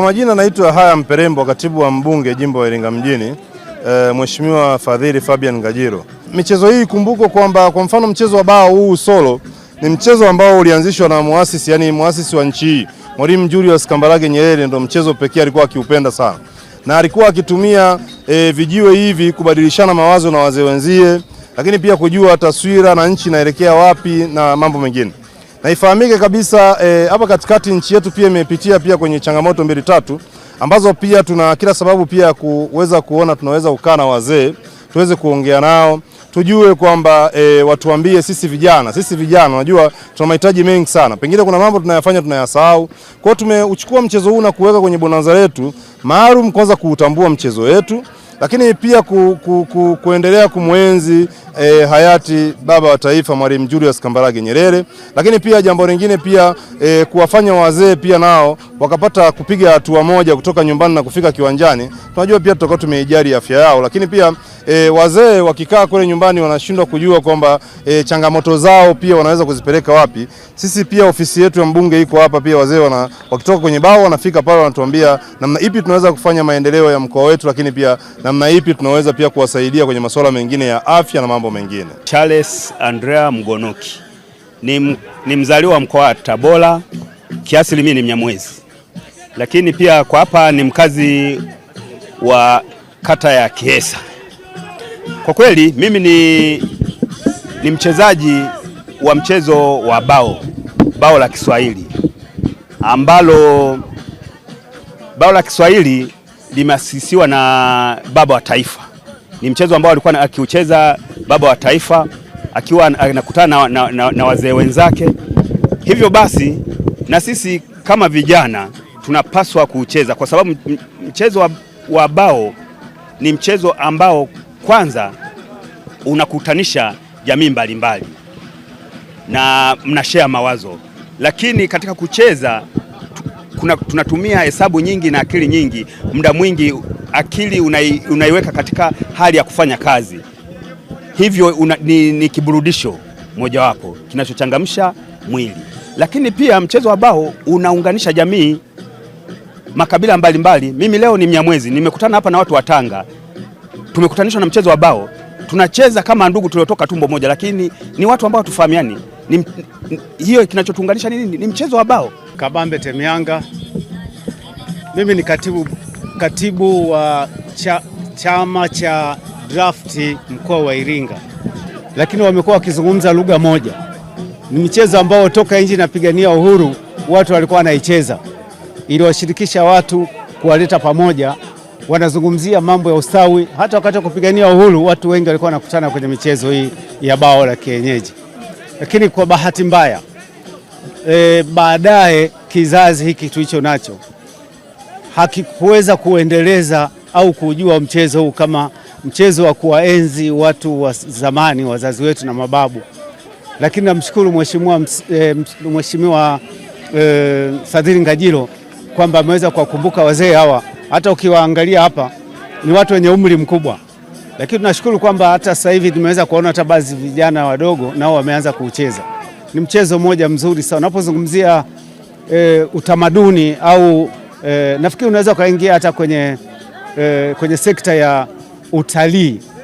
Kwa majina naitwa Haya Mperembo, katibu wa mbunge jimbo la Iringa mjini, e, Mheshimiwa Fadhili Fabian gajiro Michezo hii kumbuko kwamba kwa mfano mchezo wa bao huu solo ni mchezo ambao ulianzishwa na muasisi, yani muasisi wa nchi hii Mwalimu Julius Kambarage Nyerere, ndio mchezo pekee alikuwa akiupenda sana na alikuwa akitumia e, vijiwe hivi kubadilishana mawazo na wazee wenzie, lakini pia kujua taswira na nchi inaelekea wapi na mambo mengine. Na ifahamike kabisa eh, hapa e, katikati nchi yetu pia imepitia pia kwenye changamoto mbili tatu ambazo pia tuna kila sababu pia ya kuweza kuona tunaweza kukaa na wazee tuweze kuongea nao tujue kwamba e, watuambie sisi vijana, sisi vijana unajua tuna mahitaji mengi sana, pengine kuna mambo tunayafanya tunayasahau. Kwa hiyo tumeuchukua mchezo huu na kuweka kwenye bonanza letu maalum, kwanza kuutambua mchezo wetu lakini pia ku, ku, ku, kuendelea kumwenzi e, hayati baba wa taifa Mwalimu Julius Kambarage Nyerere, lakini pia jambo lingine pia e, kuwafanya wazee pia nao wakapata kupiga hatua moja kutoka nyumbani na kufika kiwanjani. Tunajua pia tutakuwa tumeijali afya yao, lakini pia e, wazee wakikaa kule nyumbani wanashindwa kujua kwamba e, changamoto zao pia wanaweza kuzipeleka wapi. Sisi pia ofisi yetu ya mbunge iko hapa pia, wazee wana, wakitoka kwenye bao wanafika pale wanatuambia namna ipi tunaweza kufanya maendeleo ya mkoa wetu, lakini pia na namna ipi tunaweza pia kuwasaidia kwenye masuala mengine ya afya na mambo mengine. Charles Andrea Mgonoki ni, ni mzaliwa wa mkoa wa Tabora, kiasili mimi ni Mnyamwezi, lakini pia kwa hapa ni mkazi wa kata ya Kiesa. Kwa kweli mimi ni, ni mchezaji wa mchezo wa bao bao la Kiswahili ambalo bao la Kiswahili limeasisiwa na baba wa taifa. Ni mchezo ambao alikuwa akiucheza baba wa taifa akiwa anakutana na, na, na, na wazee wenzake. Hivyo basi na sisi kama vijana tunapaswa kuucheza kwa sababu mchezo wa, wa bao ni mchezo ambao kwanza unakutanisha jamii mbalimbali na mnashare mawazo, lakini katika kucheza kuna, tunatumia hesabu nyingi na akili nyingi, muda mwingi akili unai, unaiweka katika hali ya kufanya kazi, hivyo una, ni, ni kiburudisho mojawapo kinachochangamsha mwili. Lakini pia mchezo wa bao unaunganisha jamii, makabila mbalimbali mbali. Mimi leo ni Mnyamwezi, nimekutana hapa na watu wa Tanga, tumekutanishwa na mchezo wa bao. Tunacheza kama ndugu tuliotoka tumbo moja, lakini ni watu ambao tufahamiani. Hiyo kinachotuunganisha nini? Ni mchezo wa bao. Kabambe Temianga. Mimi ni katibu, katibu wa cha, chama cha drafti mkoa wa Iringa, lakini wamekuwa wakizungumza lugha moja. Ni mchezo ambao toka nchi inapigania uhuru watu walikuwa wanaicheza, iliwashirikisha watu, kuwaleta pamoja, wanazungumzia mambo ya ustawi. Hata wakati wa kupigania uhuru watu wengi walikuwa wanakutana kwenye michezo hii ya bao la kienyeji, lakini kwa bahati mbaya e, baadaye kizazi hiki tulicho nacho hakikuweza kuendeleza au kujua mchezo huu kama mchezo wa kuwaenzi watu wa zamani, wazazi wetu na mababu. Lakini namshukuru mheshimiwa e, mheshimiwa e, Fadhili Ngajilo kwamba ameweza kuwakumbuka wazee hawa. Hata ukiwaangalia hapa ni watu wenye umri mkubwa, lakini tunashukuru kwamba hata sasa hivi tumeweza kuona hata baadhi vijana wadogo nao wameanza kuucheza ni mchezo mmoja mzuri sana. Unapozungumzia e, utamaduni au e, nafikiri unaweza ukaingia hata kwenye, e, kwenye sekta ya utalii.